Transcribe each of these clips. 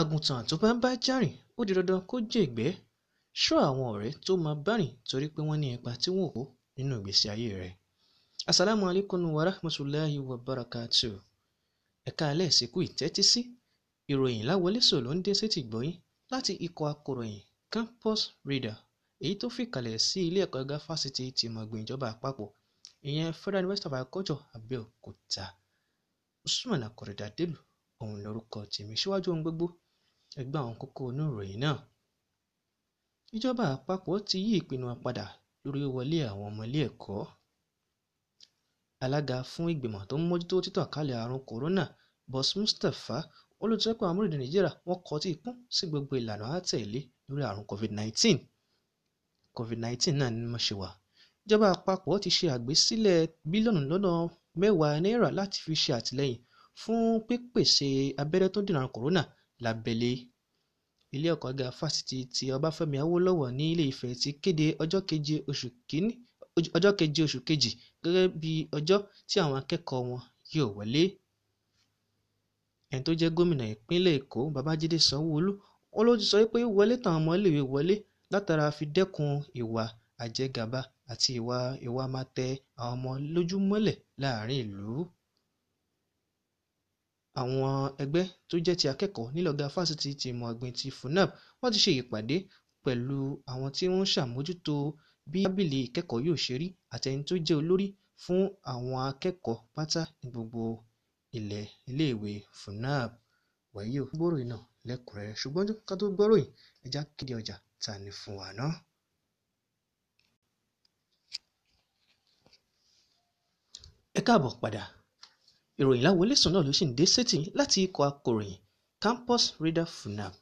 Àgùntàn tó bá ń bájá rìn ó di dandan kó jègbé. Ṣọ́ àwọn ọ̀rẹ́ tó máa bá rìn torí pé wọ́n ní ipa tí wọn ò kó nínú ìgbésí ayé rẹ̀. Assalamu alaikum wa rahmatulahi wa barakatuh. Ẹ̀ka alẹ́ ìsìnkú ìtẹ́tísí. Ìròyìn láwọlésò ló ń dé sétí gbọ́yìn láti ikọ̀ akọ̀ròyìn Campus reader, èyí tó fìkàlẹ̀ sí ilé ẹ̀kọ́ gíga fásitì tìmọ̀gbìn ìjọba àpapọ̀ ìyẹn Federal University of Agriculture Abẹ́òkúta. Usman Akọ̀rẹ̀dà Délù òun lorúkọ tèmi síwájú ohun gbogbo Ẹ gbọ́ àwọn kókó inú ìròyìn náà. Ìjọba àpapọ̀ ti yí ìpinnu wọn padà lórí wíwọlé àwọn ọmọ ilé ẹ̀kọ́. Alága fún ìgbìmọ̀ tó ń mójútó títànkálẹ̀ àrùn kòrónà Boss Mustapha ó ló jẹ́ pé àwọn orílẹ̀-èdè Nàìjíríà wọ́n kọtí ikún sí gbogbo ìlànà àtẹ̀lé lórí àrùn COVID-19. COVID-19 náà ni mo ṣe wà. Ìjọba àpapọ̀ ti ṣe àgbésílẹ̀ bílíọ̀nù lọ́nà mẹ́wàá náírà láti fi ṣe àtìlẹ́yìn fún pípèsè abẹ́rẹ́ tó dènà àrùn kòrónà lábẹ́lé ilé ẹ̀kọ́ gíga fásitì ti ọbáfẹ́mi awólọ́wọ̀ ní ilé ifẹ̀ ti kéde ọjọ́ keje oṣù kínní ọjọ́ keje oṣù kejì gẹ́gẹ́ bí ọjọ́ tí àwọn akẹ́kọ̀ọ́ wọn yóò wọlé ẹni tó jẹ́ gómìnà ìpínlẹ̀ èkó babájídé sanwóolu ó ló ti sọ pé wọlé táwọn ọmọléèwé wọlé látara fi dẹ́kun ìwà àjẹgàba àti ìwà ìwà máa tẹ àwọn ọmọ lójú mọ́lẹ̀ láàrin ìlú Àwọn ẹgbẹ́ tó jẹ́ ti akẹ́kọ̀ọ́ nílọ́gàá Fásitì ti Ìmọ̀ Ọ̀gbìn ti FUNAB wọ́n ti ṣe ìpàdé pẹ̀lú àwọn tí ó ń ṣàmójútó bí tábìlì ìkẹ́kọ̀ọ́ yóò ṣe rí àti ẹni tó jẹ́ olórí fún àwọn akẹ́kọ̀ọ́ pátá ní gbogbo iléèwé FUNAB. Wàyí o, a gbọ́ròyìn náà lẹ́kùnrẹ́rẹ́ ṣùgbọ́n ká tó gbọ́ròyìn ẹ jẹ́ á kéde ọjà tá a fún wa ná. Ẹ káàbọ̀ padà ìròyìn láwo iléeṣẹ́ náà ló sì ń dé sétí láti ikọ̀ akọ̀ròyìn campus radar funab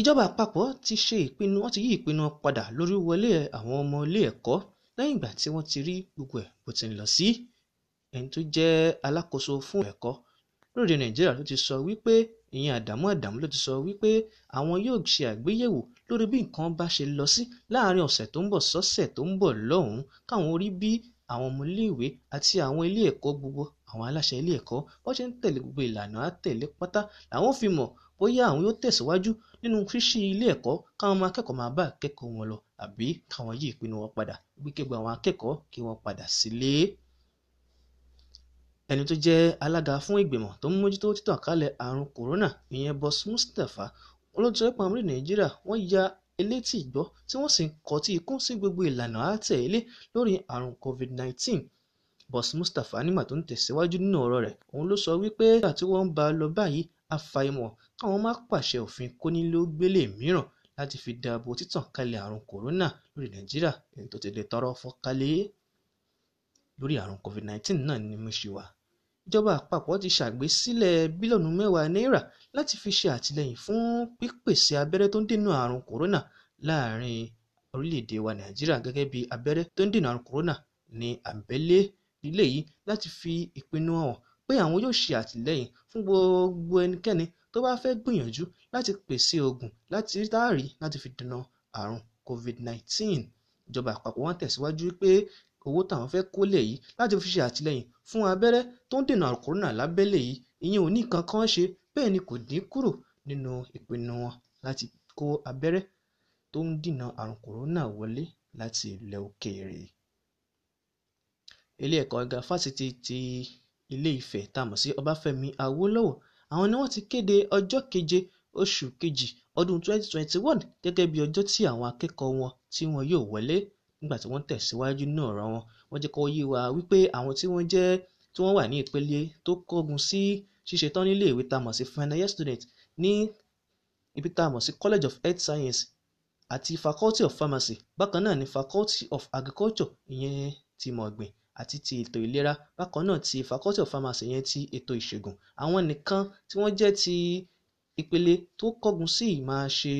ìjọba àpapọ̀ ti ṣe ìpinnu wọ́n ti yí ìpinnu padà lórí wọlé àwọn ọmọ ilé ẹ̀kọ́ lẹ́yìn ìgbà tí wọ́n ti rí gbogbo ẹ̀ bó ti ń lọ sí ẹni tó jẹ́ alákòóso fún ẹ̀kọ́ lóde nàìjíríà ló ti sọ wípé ìyẹn àdàmú àdàmú ló ti sọ wípé àwọn yóò ṣe àgbéyẹ̀wò lórí bí nǹkan bá ṣe lọ sí láàárín ọ̀sẹ̀ tó ń bọ̀ sọ́sẹ̀ tó ń bọ̀ lọ́hùn-ún káwọn orí bí àwọn ọmọ iléèwé àti àwọn ilé ẹ̀kọ́ gbogbo àwọn aláṣẹ ilé ẹ̀kọ́ bó ṣe ń tẹ̀lé gbogbo ìlànà àtẹ̀lé pátá làwọn ó fi mọ̀ bóyá àwọn yóò tẹ̀síwájú nínú ṣíṣí ilé ẹ̀kọ́ káwọn ọmọ akẹ́kọ̀ọ́ máa bá akẹ́kọ̀ọ́ wọn lọ àbí káwọn yí ìpinnu wọn padà wí kí àwọn akẹ́kọ̀ọ́ kí wọ́n padà sílé. ẹni tó jẹ́ alága fún ìgbìmọ̀ tó ń mójútó títàn kálẹ̀ àrùn kòrónà ìyẹn Boss Mustapha olóòtú ẹ̀pọ̀ àmúrí Nàìjíríà wọ́n ya elétí ìgbọ́ tí wọ́n sì ń kọtí ikún sí gbogbo ìlànà àátẹ̀lé lórí àrùn covid-19 Boss Mustapha nígbà tó ń tẹ̀síwájú nínú ọ̀rọ̀ rẹ̀ òun ló sọ wípé nígbà tí wọ́n ń bá a lọ báyìí àfàìmọ̀ káwọn má pàṣẹ òfin kónílógbélé mìíràn láti fi dáàbò títàn kálẹ̀ àrùn kòrónà lórí Nàìjíríà èyí tó ti lè tọrọ fọ́nkálẹ̀ lórí àrùn covid-19 náà ni mo ṣì wà ìjọba àpapọ̀ ti ṣàgbésílẹ̀ bílíọ̀nù mẹ́wàá náírà láti fi ṣe àtìlẹ́yìn fún pípèsè abẹ́rẹ́ tó ń dènà àrùn kòrónà láàrin orílẹ̀-èdè wa Nàìjíríà gẹ́gẹ́ bí abẹ́rẹ́ tó ń dènà àrùn kòrónà ní àbẹ́lé eléyìí láti fi ìpinnu hàn pé àwọn yóò ṣe àtìlẹ́yìn fún gbogbo ẹnikẹ́ni tó bá fẹ́ gbìyànjú láti pèsè oògùn láti tá a láti fi dènà àrùn COVID-19 ìjọba àpapọ̀ wá tẹ̀síwájú pé owó táwọn fẹ́ kó lẹ̀ yìí láti fi ṣe àtìlẹ́yìn fún abẹ́rẹ́ tó ń dènà kòrónà lábẹ́lẹ̀ yìí ìyẹn ò ní nǹkan kan ṣe bẹ́ẹ̀ ni kò dín kúrò nínú ìpinnu wọn láti kó abẹ́rẹ́ tó ń dènà àrùn kòrónà wọlé láti ilẹ̀ òkèèrè. ilé ẹ̀kọ́ gíga fásitì ti ilé Ifẹ̀ tá a mọ̀ sí Ọbáfẹ́mi Awólọ́wò àwọn ni wọ́n ti kéde ọjọ́ keje oṣù kejì ọdún 2021 gẹ́gẹ́ bí ọjọ́ tí àwọn akẹ́kọ̀ọ́ wọn tí wọn yóò wọlé nígbà tí wọ́n ń tẹ̀síwájú náà ọ̀rọ̀ wọn wọ́n jẹ́ kó yé wa wípé àwọn tí wọ́n jẹ́ tí wọ́n wà ní ìpele tó kọ́gun sí ṣíṣe tán nílé ìwé tá a mọ̀ sí final year student ní ibi tá a mọ̀ sí College of Health Science àti Faculty of Pharmacy bákan náà ni Faculty of Agriculture ìyẹn ti mọ̀ ọ̀gbìn àti ti ètò ìlera bákan náà ti Faculty of Pharmacy yẹn ti ètò ìṣègùn àwọn nìkan tí wọ́n jẹ́ ti ìpele tó kọ́gun sí ìmáa ṣe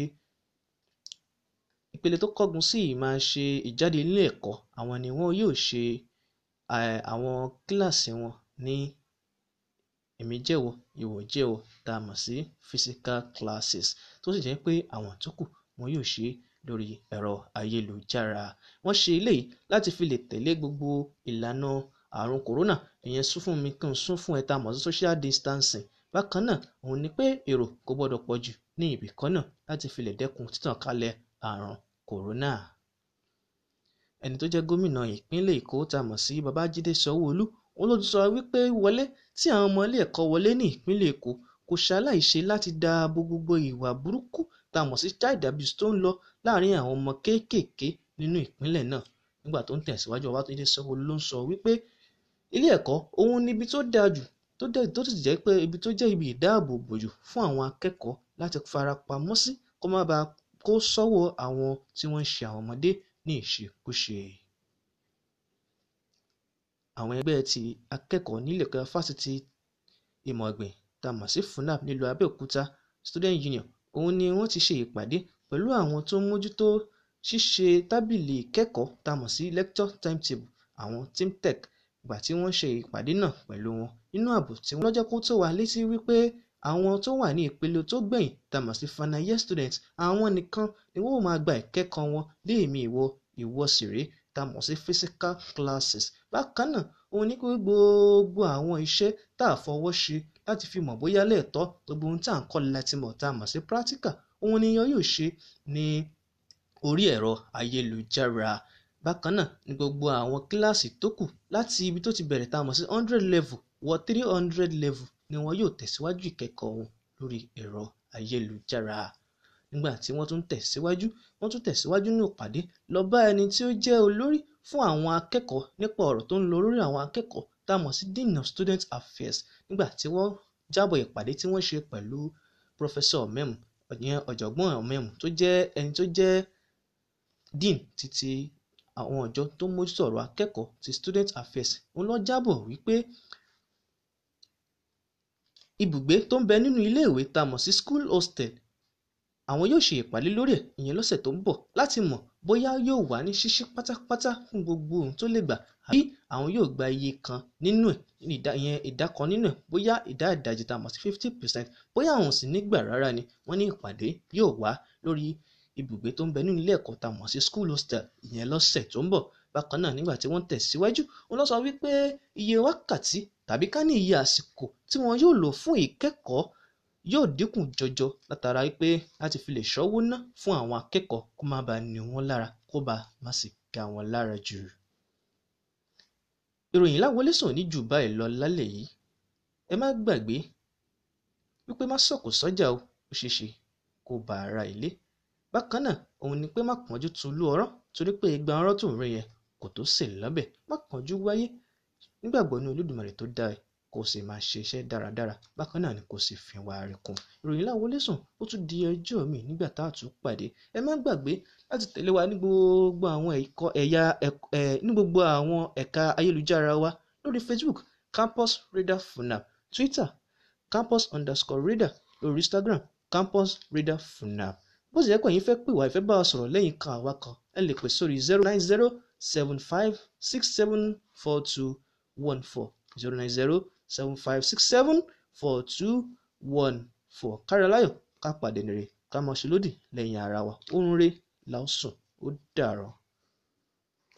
Ìpele tó kángun sí ìmáṣe ìjáde nílé ẹ̀kọ́ àwọn ni wọn yóò ṣe àwọn kíláàsì wọn ní èmijẹ̀wọ̀, ìwọ̀jẹwọ̀ (physical classes) tó sì jẹ́ pé àwọn tókù wọn yóò ṣe é lórí ẹ̀rọ ayélujára. Wọ́n ṣe eléyìí láti fi lè tẹ̀lé gbogbo ìlànà àrùn kòrónà ìyẹn sún-fún-mi kí n sún-fún ẹ tá a mọ̀ sí social distancing. Bákan náà òhun ni pé èrò kò gbọdọ̀ pọ̀jù ní ibì kan náà láti fi lè dẹ́kun títàn kálẹ̀ àrùn kòrónà ẹni tó jẹ́ gómìnà ìpínlẹ̀ èkó tá a mọ̀ sí babájídé sanwóolu òun ló ti sọ wípé wọlé tí àwọn ọmọ ilé ẹ̀kọ́ wọlé ní ìpínlẹ̀ èkó kò ṣaláìṣe láti dáàbò gbogbo ìwà burúkú tá a mọ̀ sí child abuse tó ń lọ láàrin àwọn ọmọ kéékèèké nínú ìpínlẹ̀ náà nígbà tó ń tẹ̀síwájú babájídé sanwóolu ló ń sọ wípé ilé ẹ̀kọ́ òun ni ibi tó dáa jù tó dẹ̀ tó sì jẹ́ pé ibi tó jẹ́ ibi ìdáàbòbò jù fún àwọn akẹ́kọ̀ọ́ láti fara sí kó má bàa kó sọ́wọ́ àwọn tí wọ́n ń ṣe àwọn ọmọdé ní ìṣekúṣe. Àwọn ẹgbẹ́ ti akẹ́kọ̀ọ́ nílé ẹ̀kọ́ fásitì ìmọ̀ ọ̀gbìn tá mọ̀ sí FUNAB nílùú Abẹ́òkúta Student Union òun ni wọ́n ti ṣe ìpàdé pẹ̀lú àwọn tó ń mójútó ṣíṣe tábìlì ìkẹ́kọ̀ọ́ tá mọ̀ sí lecture timetable àwọn TIMTEC ìgbà tí wọ́n ṣe ìpàdé náà pẹ̀lú wọn nínú àbò tí wọ́n lọ́jọ́ kó tó wa létí wípé àwọn tó wà ní ìpele tó gbẹ̀yìn tá sí final year students àwọn nìkan ni wọ́n máa gba ìkẹ́kọ̀ọ́ wọn ní ìwọ ìwọ sì sí physical classes bákan náà òun ní pé gbogbo àwọn iṣẹ́ tá a fọwọ́ ṣe láti fi mọ̀ bóyá lẹ́ẹ̀tọ́ gbogbo ohun tá à ń kọ́ láti mọ̀ tá a mọ̀ sí practical òun ni yan yóò ṣe ní orí ẹ̀rọ ayélujára bákan náà ni gbogbo àwọn kíláàsì tó kù láti ibi tó ti bẹ̀rẹ̀ tá a mọ̀ sí hundred level wọ three hundred level ni wọn yóò tẹ̀síwájú ìkẹ́kọ̀ọ́ wọn lórí ẹ̀rọ ayélujára nígbà tí wọ́n tún tẹ̀síwájú wọ́n tún tẹ̀síwájú ní ìpàdé lọ bá ẹni tí ó jẹ́ olórí fún àwọn akẹ́kọ̀ọ́ nípa ọ̀rọ̀ tó ń lọ lórí àwọn akẹ́kọ̀ọ́ tá a mọ̀ sí dean of student affairs nígbà tí wọ́n jábọ̀ ìpàdé tí wọ́n ṣe pẹ̀lú professor mem ìyẹn ọ̀jọ̀gbọ́n mem tó jẹ́ ẹni tó jẹ́ dean títí àwọn ọ̀jọ́ tó mójútó ọ̀rọ̀ akẹ́kọ̀ọ́ ti student affairs òun lọ jábọ̀ wípé ibùgbé tó ń bẹ nínú iléèwé tá mọ̀ sí school hostel àwọn yóò ṣe ìpàdé lórí ẹ̀ ìyẹn lọ́sẹ̀ tó ń bọ̀ láti mọ̀ bóyá yóò wà ní ṣíṣí pátápátá fún gbogbo ohun tó lè gbà àbí àwọn yóò gba iye kan nínú ẹ̀ ìyẹn ìdá kan nínú ẹ̀ bóyá ìdá ìdajì tá mọ̀ sí fifty percent bóyá àwọn sì nígbà rárá ni wọ́n ní ìpàdé yóò wá lórí ibùgbé tó ń bẹ nínú ilé ẹ̀kọ́ tá mọ̀ sí school hostel ìyẹn lọ́sẹ̀ tó ń bọ̀ bákan náà nígbà tí wọ́n tẹ̀síwájú wọn lọ sọ wípé iye wákàtí tàbí ká ní iye àsìkò tí wọn yóò lò fún ìkẹ́kọ̀ọ́ yóò dínkù jọjọ látara pé láti fi lè ṣọ́wó ná fún àwọn akẹ́kọ̀ọ́ kó má bàa ní wọn lára kó bàa má sì ga wọn lára jù. ìròyìn láwọlé sùn ní jù báyìí lọ lálẹ́ yìí ẹ má gbàgbé wípé má sọ̀kò sọ́jà ó ṣeé ṣe kó bá ara ilé bákan náà òun ni pé má kánjú tu olú ọ̀rọ̀ torí pé igba ọ̀rọ̀ tó ń rí yẹn kò tó sè lọ́bẹ̀ má kánjú wáyé nígbàgbọ́ ní olódùmarè tó dá ẹ kó o sì máa ṣe iṣẹ́ dáradára bákan náà ni kó o sì fi wá rẹ kún ìròyìn láwọn olóṣùn ó tún di ọjọ́ mi nígbà tá a tún pàdé ẹ má gbàgbé láti tẹ̀lé wa ní gbogbo àwọn ẹ̀kọ́ ẹ̀yà ẹ̀ ní gbogbo àwọn ẹ̀ka ayélujára wa lórí Facebook campus radar funa Twitter campus underscore radar lórí Instagram campus radar funa bó sì yẹ pé ẹ̀yin fẹ́ pè wá ìfẹ́ bá wa sọ̀rọ̀ lẹ́yìn kan àwa kan ẹ lè pè sórí zero nine zero seven five six seven four two One four 09075674214 09075674214 káríaláyọ̀ ká pàdé nírè ká má ṣe lòdì lẹ́yìn ara wa oorun rẹ̀ la ó sùn ó dàárọ̀.